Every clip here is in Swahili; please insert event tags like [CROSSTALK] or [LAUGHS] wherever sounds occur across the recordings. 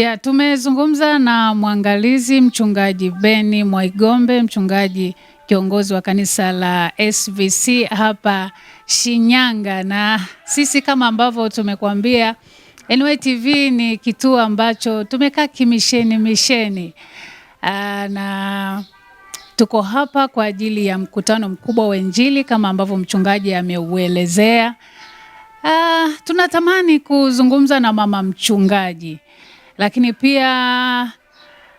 Ya, tumezungumza na mwangalizi mchungaji Beni Mwaigombe, mchungaji kiongozi wa kanisa la SVC hapa Shinyanga, na sisi kama ambavyo tumekuambia NY TV ni kituo ambacho tumekaa kimisheni misheni. Aa, ah, na tuko hapa kwa ajili ya mkutano mkubwa wa Injili kama ambavyo mchungaji ameuelezea. Ah, tunatamani kuzungumza na mama mchungaji lakini pia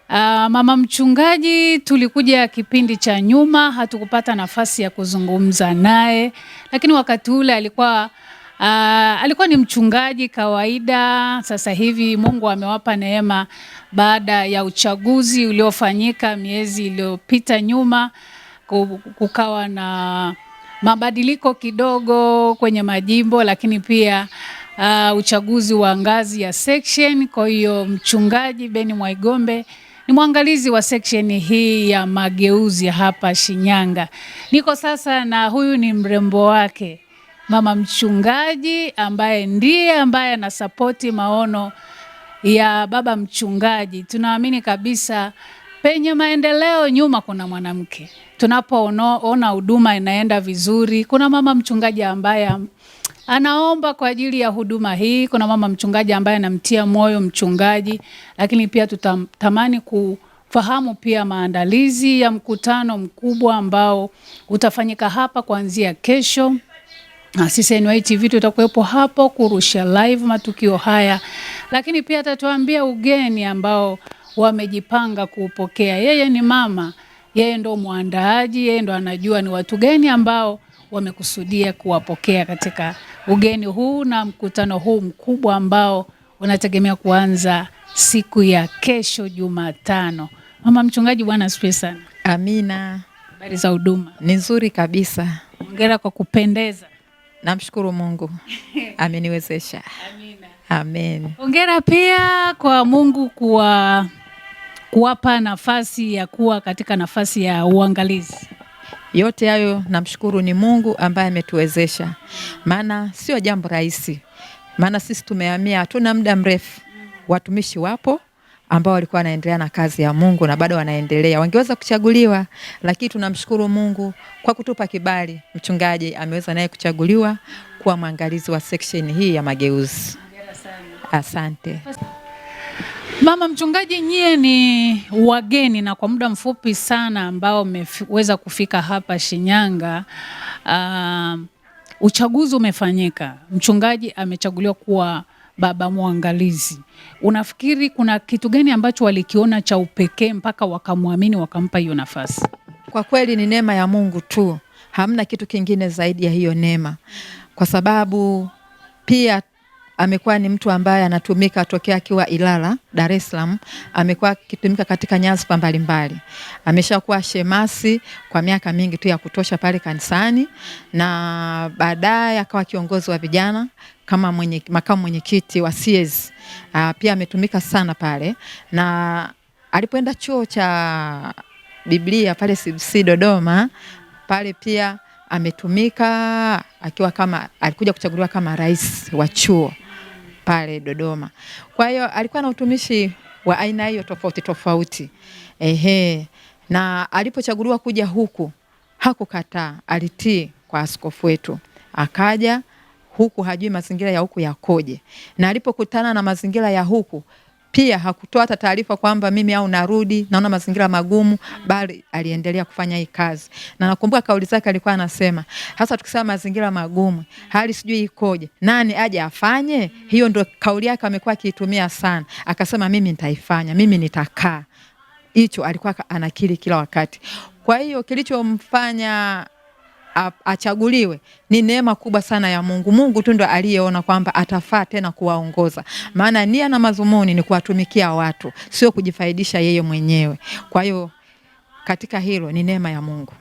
uh, mama mchungaji tulikuja kipindi cha nyuma, hatukupata nafasi ya kuzungumza naye, lakini wakati ule alikuwa uh, alikuwa ni mchungaji kawaida. Sasa hivi Mungu amewapa neema baada ya uchaguzi uliofanyika miezi iliyopita nyuma, kukawa na mabadiliko kidogo kwenye majimbo, lakini pia uh, uchaguzi wa ngazi ya section. Kwa hiyo mchungaji Beni Mwaigombe ni mwangalizi wa section hii ya mageuzi hapa Shinyanga. Niko sasa na huyu ni mrembo wake mama mchungaji ambaye ndiye ambaye anasapoti maono ya baba mchungaji. Tunaamini kabisa penye maendeleo nyuma kuna mwanamke. Tunapoona huduma inaenda vizuri, kuna mama mchungaji ambaye anaomba kwa ajili ya huduma hii. Kuna mama mchungaji ambaye anamtia moyo mchungaji, lakini pia tutatamani kufahamu pia maandalizi ya mkutano mkubwa ambao utafanyika hapa kuanzia kesho. Sisi NY TV tutakuwepo hapo kurusha live matukio haya, lakini pia atatuambia ugeni ambao wamejipanga kuupokea. Yeye ni mama, yeye ndo mwandaaji, yeye ndo anajua ni watu gani ambao wamekusudia kuwapokea katika ugeni huu na mkutano huu mkubwa ambao unategemea kuanza siku ya kesho Jumatano. Mama mchungaji, Bwana asifiwe sana. Amina. Habari za huduma? Ni nzuri kabisa. Hongera kwa kupendeza. Namshukuru Mungu [LAUGHS] ameniwezesha. Amina. Amen. Hongera pia kwa Mungu kwa kuwapa nafasi ya kuwa katika nafasi ya uangalizi. Yote hayo namshukuru ni Mungu ambaye ametuwezesha, maana sio jambo rahisi, maana sisi tumehamia, hatuna muda mrefu. Watumishi wapo ambao walikuwa wanaendelea na kazi ya Mungu na bado wanaendelea, wangeweza kuchaguliwa, lakini tunamshukuru Mungu kwa kutupa kibali. Mchungaji ameweza naye kuchaguliwa kuwa mwangalizi wa section hii ya mageuzi. Asante. Mama mchungaji, nyie ni wageni na kwa muda mfupi sana ambao mmeweza kufika hapa Shinyanga. Uh, uchaguzi umefanyika, mchungaji amechaguliwa kuwa baba mwangalizi. Unafikiri kuna kitu gani ambacho walikiona cha upekee mpaka wakamwamini wakampa hiyo nafasi? Kwa kweli ni neema ya Mungu tu, hamna kitu kingine zaidi ya hiyo neema, kwa sababu pia amekuwa ni mtu ambaye anatumika tokea akiwa Ilala, Dar es Salaam. Amekuwa akitumika katika nyadhifa mbalimbali. Ameshakuwa shemasi kwa miaka mingi tu ya kutosha pale kanisani, na baadaye akawa kiongozi wa vijana kama mwenye, makamu mwenyekiti wa CS. Ah, pia ametumika sana pale, na alipoenda chuo cha Biblia pale CBC Dodoma pale pia ametumika akiwa kama alikuja kuchaguliwa kama rais wa chuo pale Dodoma. Kwa hiyo alikuwa na utumishi wa aina hiyo tofauti tofauti. Ehe, na alipochaguliwa kuja huku hakukataa, alitii kwa askofu wetu, akaja huku hajui mazingira ya huku yakoje, na alipokutana na mazingira ya huku pia hakutoa hata taarifa kwamba mimi au narudi, naona mazingira magumu, bali aliendelea kufanya hii kazi. Na nakumbuka kauli zake alikuwa anasema, hasa tukisema mazingira magumu, hali sijui ikoje, nani aje afanye? Hiyo ndo kauli yake amekuwa akiitumia sana. Akasema mimi nitaifanya, mimi nitakaa. Hicho alikuwa anakiri kila wakati. Kwa hiyo kilichomfanya achaguliwe ni neema kubwa sana ya Mungu. Mungu tu ndo aliyeona kwamba atafaa tena kuwaongoza, maana nia na madhumuni ni kuwatumikia watu, sio kujifaidisha yeye mwenyewe. Kwa hiyo katika hilo ni neema ya Mungu.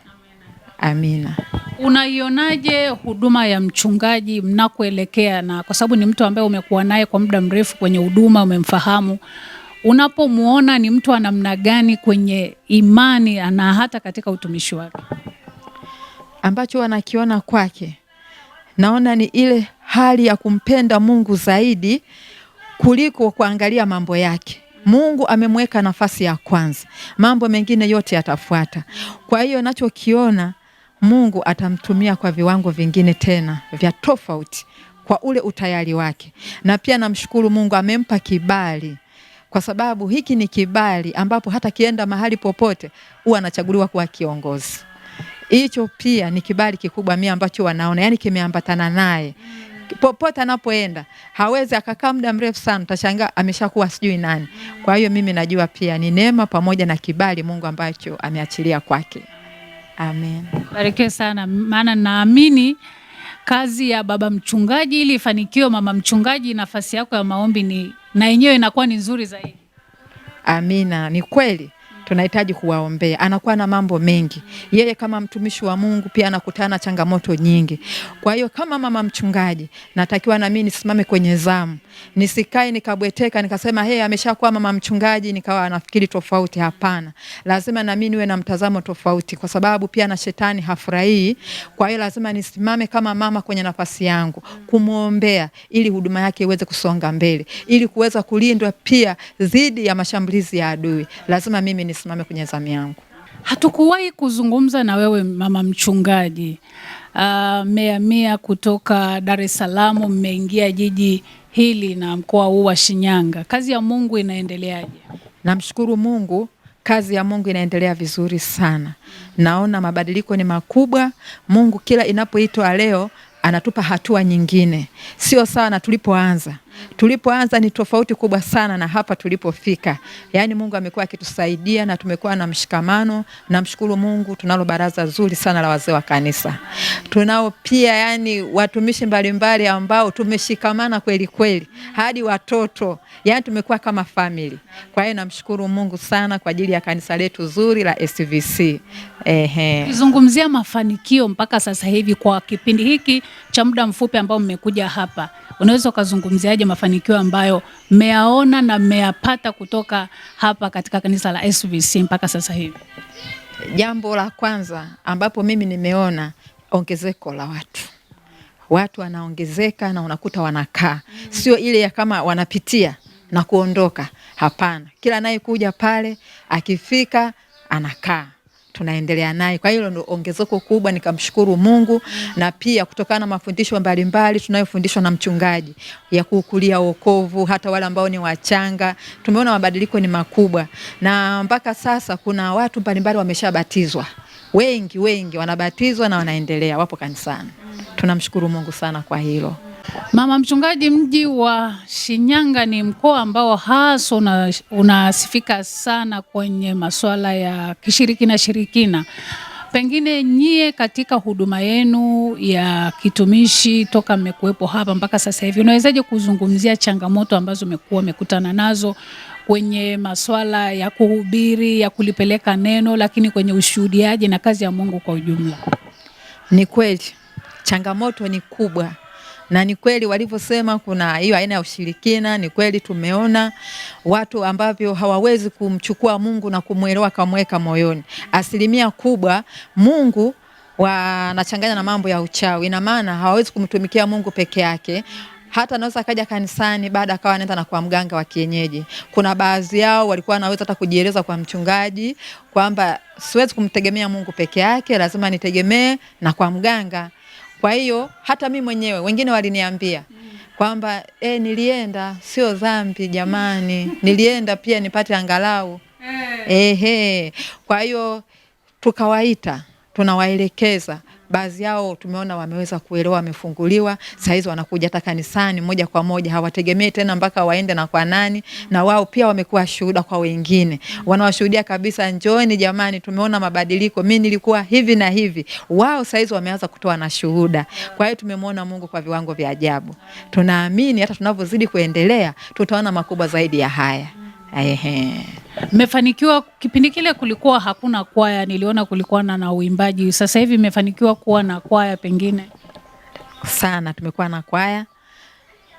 Amina. Unaionaje huduma ya mchungaji mnakoelekea, na kwa sababu ni mtu ambaye umekuwa naye kwa muda mrefu kwenye huduma, umemfahamu unapomwona ni mtu wa namna gani kwenye imani na hata katika utumishi wake? ambacho wanakiona kwake, naona ni ile hali ya kumpenda Mungu zaidi kuliko kuangalia mambo yake. Mungu amemweka nafasi ya kwanza, mambo mengine yote yatafuata. Kwa hiyo nachokiona Mungu atamtumia kwa viwango vingine tena vya tofauti kwa ule utayari wake. Na pia namshukuru Mungu amempa kibali, kwa sababu hiki ni kibali ambapo hata kienda mahali popote huwa anachaguliwa kuwa kiongozi. Hicho pia ni kibali kikubwa mimi ambacho wanaona, yani kimeambatana naye popote anapoenda hawezi akakaa muda mrefu sana, utashangaa ameshakuwa sijui nani. Kwa hiyo mimi najua pia ni neema pamoja na kibali Mungu ambacho ameachilia kwake. Amen, barikiwe sana, maana naamini kazi ya baba mchungaji ili ifanikiwe, mama mchungaji, nafasi yako ya maombi ni na yenyewe inakuwa ni nzuri zaidi. Amina, ni kweli tunahitaji kuwaombea. Anakuwa na mambo mengi, yeye kama mtumishi wa Mungu pia anakutana changamoto nyingi. Kwa hiyo kama mama mchungaji, natakiwa na mimi nisimame kwenye zamu, nisikae nikabweteka, nikasema hey, ameshakuwa mama mchungaji nikawa nafikiri tofauti. Hapana, lazima na mimi niwe na mtazamo tofauti, kwa sababu pia na shetani hafurahii. Kwa hiyo lazima nisimame kama mama kwenye nafasi yangu kumwombea, ili huduma yake iweze kusonga mbele, ili kuweza kulindwa pia dhidi ya mashambulizi ya adui, lazima mimi nisimame kwenye zamu yangu. Hatukuwahi kuzungumza na wewe mama mchungaji uh, kutoka Dar es Salaam, mmeingia jiji hili na mkoa huu wa Shinyanga, kazi ya Mungu inaendeleaje? Namshukuru Mungu, kazi ya Mungu inaendelea vizuri sana. Naona mabadiliko ni makubwa. Mungu kila inapoitwa leo anatupa hatua nyingine, sio sawa na tulipoanza. Tulipoanza ni tofauti kubwa sana na hapa tulipofika. Yaani Mungu amekuwa akitusaidia na tumekuwa na mshikamano. Namshukuru Mungu tunalo baraza zuri sana la wazee wa kanisa. Tunao pia yani watumishi mbalimbali ambao tumeshikamana kweli kweli hadi watoto. Yaani tumekuwa kama family. Kwa hiyo namshukuru Mungu sana kwa ajili ya kanisa letu zuri la SVC. Ehe. mafanikio mpaka sasa hivi kwa kipindi hiki cha muda mfupi ambao mmekuja hapa unaweza ukazungumziaje mafanikio ambayo mmeyaona na mmeyapata kutoka hapa katika kanisa la SVC mpaka sasa hivi? Jambo la kwanza ambapo mimi nimeona ongezeko la watu watu wanaongezeka na unakuta wanakaa, mm. sio ile ya kama wanapitia na kuondoka. Hapana, kila anayekuja pale akifika anakaa tunaendelea naye. Kwa hiyo ndio ongezeko kubwa, nikamshukuru Mungu mm. na pia kutokana na mafundisho mbalimbali tunayofundishwa na mchungaji ya kuukulia wokovu, hata wale ambao ni wachanga, tumeona mabadiliko ni makubwa, na mpaka sasa kuna watu mbalimbali wameshabatizwa, wengi wengi wanabatizwa na wanaendelea wapo kanisani. Mm. Tunamshukuru Mungu sana kwa hilo. Mama mchungaji, mji wa Shinyanga ni mkoa ambao hasa una, unasifika sana kwenye masuala ya kishirikina shirikina. Pengine nyie katika huduma yenu ya kitumishi toka mmekuwepo hapa mpaka sasa hivi, unawezaje kuzungumzia changamoto ambazo mmekuwa mmekutana nazo kwenye masuala ya kuhubiri, ya kulipeleka neno, lakini kwenye ushuhudiaji na kazi ya Mungu kwa ujumla? Ni kweli changamoto ni kubwa na ni kweli walivyosema, kuna hiyo aina ya ushirikina. Ni kweli tumeona watu ambavyo hawawezi kumchukua Mungu na kumwelewa kamweka moyoni. Asilimia kubwa Mungu wanachanganya na mambo ya uchawi, ina maana hawawezi kumtumikia Mungu peke yake hata anaweza akaja kanisani baada akawa anaenda na kwa mganga wa kienyeji. Kuna baadhi yao walikuwa naweza hata kujieleza kwa mchungaji kwamba siwezi kumtegemea Mungu peke yake, lazima nitegemee na kwa mganga. Kwa hiyo hata mi mwenyewe wengine waliniambia kwamba e, nilienda sio dhambi jamani, [LAUGHS] nilienda pia nipate angalau eh. ehe. Kwa hiyo tukawaita, tunawaelekeza baadhi yao tumeona wameweza kuelewa, wamefunguliwa saa hizi, wanakuja hata kanisani moja kwa moja, hawategemei tena mpaka waende na kwa nani, na wao pia wamekuwa shuhuda kwa wengine, wanawashuhudia kabisa, njoni jamani, tumeona mabadiliko, mimi nilikuwa hivi na hivi. Wao saa hizi wameanza kutoa na shuhuda. Kwa hiyo tumemwona Mungu kwa viwango vya ajabu. Tunaamini hata tunavyozidi kuendelea tutaona makubwa zaidi ya haya. Ehe. Mmefanikiwa kipindi kile kulikuwa hakuna kwaya, niliona kulikuwa na na uimbaji. Sasa hivi mmefanikiwa kuwa na kwaya pengine? Sana, tumekuwa na kwaya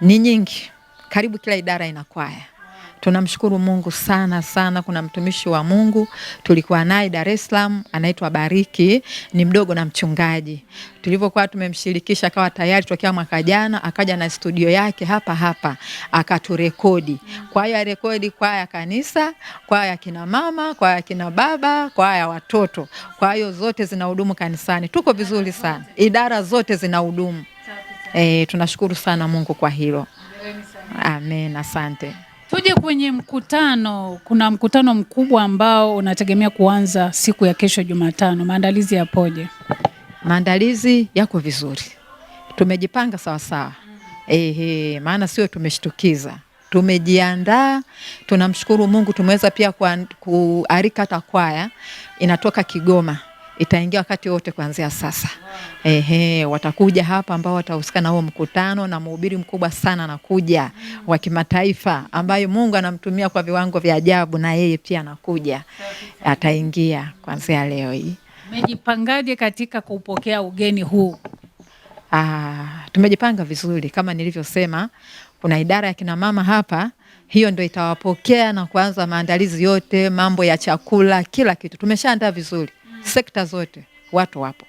ni nyingi, karibu kila idara ina kwaya. Tunamshukuru Mungu sana sana. Kuna mtumishi wa Mungu tulikuwa naye Dar es Salaam, anaitwa Bariki, ni mdogo na mchungaji. Tulivyokuwa tumemshirikisha akawa tayari tokea mwaka jana, akaja na studio yake hapa hapa akaturekodi. Kwa hiyo kwaya ya kanisa, kwaya ya kina mama, kwaya ya kina baba, kwaya ya watoto. Kwa hiyo zote zinahudumu kanisani, tuko vizuri sana, idara zote zinahudumu. E, eh, tunashukuru sana Mungu kwa hilo. Amen, asante. Tuje kwenye mkutano. Kuna mkutano mkubwa ambao unategemea kuanza siku ya kesho Jumatano, maandalizi yapoje? Maandalizi yako vizuri, tumejipanga sawasawa. Ehe, maana sio tumeshtukiza, tumejiandaa. Tunamshukuru Mungu tumeweza pia kuarika hata kwaya inatoka Kigoma itaingia wakati wote kuanzia sasa. Ehe, watakuja hapa ambao watahusika na huo mkutano na mhubiri mkubwa sana anakuja wa kimataifa ambayo Mungu anamtumia kwa viwango vya ajabu, na yeye pia anakuja, ataingia kuanzia leo hii. Mmejipangaje katika kupokea ugeni huu? Ah, tumejipanga vizuri kama nilivyosema, kuna idara ya kina mama hapa hiyo ndio itawapokea na kuanza maandalizi yote, mambo ya chakula, kila kitu tumeshaandaa vizuri sekta zote watu wapo.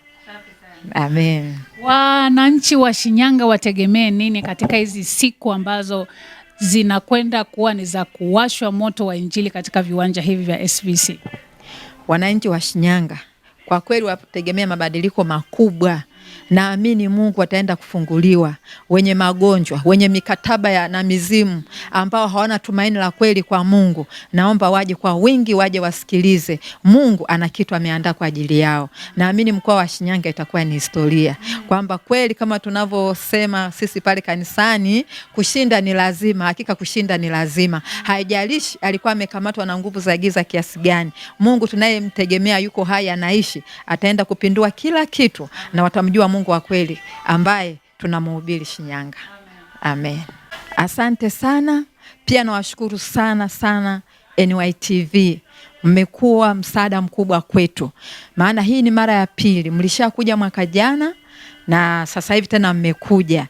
Amen. Wananchi wa Shinyanga wategemee nini katika hizi siku ambazo zinakwenda kuwa ni za kuwashwa moto wa Injili katika viwanja hivi vya SVC? Wananchi wa Shinyanga kwa kweli wategemea mabadiliko makubwa Naamini Mungu ataenda kufunguliwa wenye magonjwa, wenye mikataba ya na mizimu, ambao hawana tumaini la kweli kwa Mungu. Naomba waje kwa wingi, waje wasikilize. Mungu ana kitu ameandaa kwa ajili yao. Naamini mkoa wa Shinyanga itakuwa ni historia, kwamba kweli kama tunavyosema sisi pale kanisani, kushinda ni lazima. Hakika kushinda ni lazima, haijalishi alikuwa amekamatwa na nguvu za giza kiasi gani. Mungu tunayemtegemea yuko hai, anaishi, ataenda kupindua kila kitu na watam kumjua Mungu wa kweli ambaye tunamhubiri Shinyanga. Amen. Asante sana. Pia nawashukuru sana sana NYTV, mmekuwa msaada mkubwa kwetu, maana hii ni mara ya pili. Mlishakuja mwaka jana na sasa hivi tena mmekuja.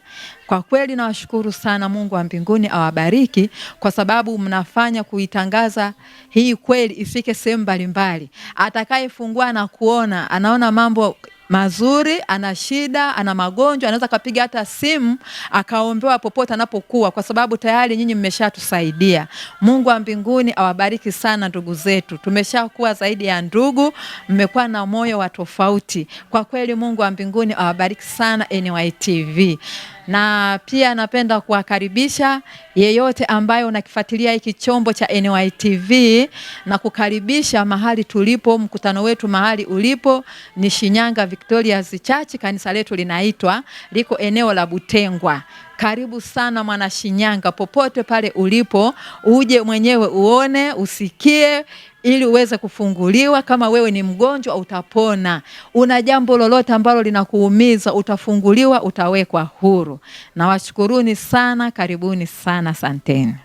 Kwa kweli nawashukuru sana. Mungu wa mbinguni awabariki, kwa sababu mnafanya kuitangaza hii kweli ifike sehemu mbalimbali. Atakayefungua na kuona anaona mambo mazuri, ana shida, ana magonjwa, anaweza akapiga hata simu akaombewa popote anapokuwa, kwa sababu tayari nyinyi mmeshatusaidia. Mungu wa mbinguni awabariki sana ndugu zetu, tumeshakuwa zaidi ya ndugu, mmekuwa na moyo wa tofauti. Kwa kweli Mungu wa mbinguni awabariki sana NY TV na pia napenda kuwakaribisha yeyote ambaye unakifuatilia hiki chombo cha NY TV na kukaribisha mahali tulipo, mkutano wetu mahali ulipo ni Shinyanga Victorious Church, kanisa letu linaitwa liko eneo la Butengwa. Karibu sana mwana Shinyanga, popote pale ulipo, uje mwenyewe uone, usikie ili uweze kufunguliwa. Kama wewe ni mgonjwa, utapona. Una jambo lolote ambalo linakuumiza, utafunguliwa, utawekwa huru. Nawashukuruni sana, karibuni sana, santeni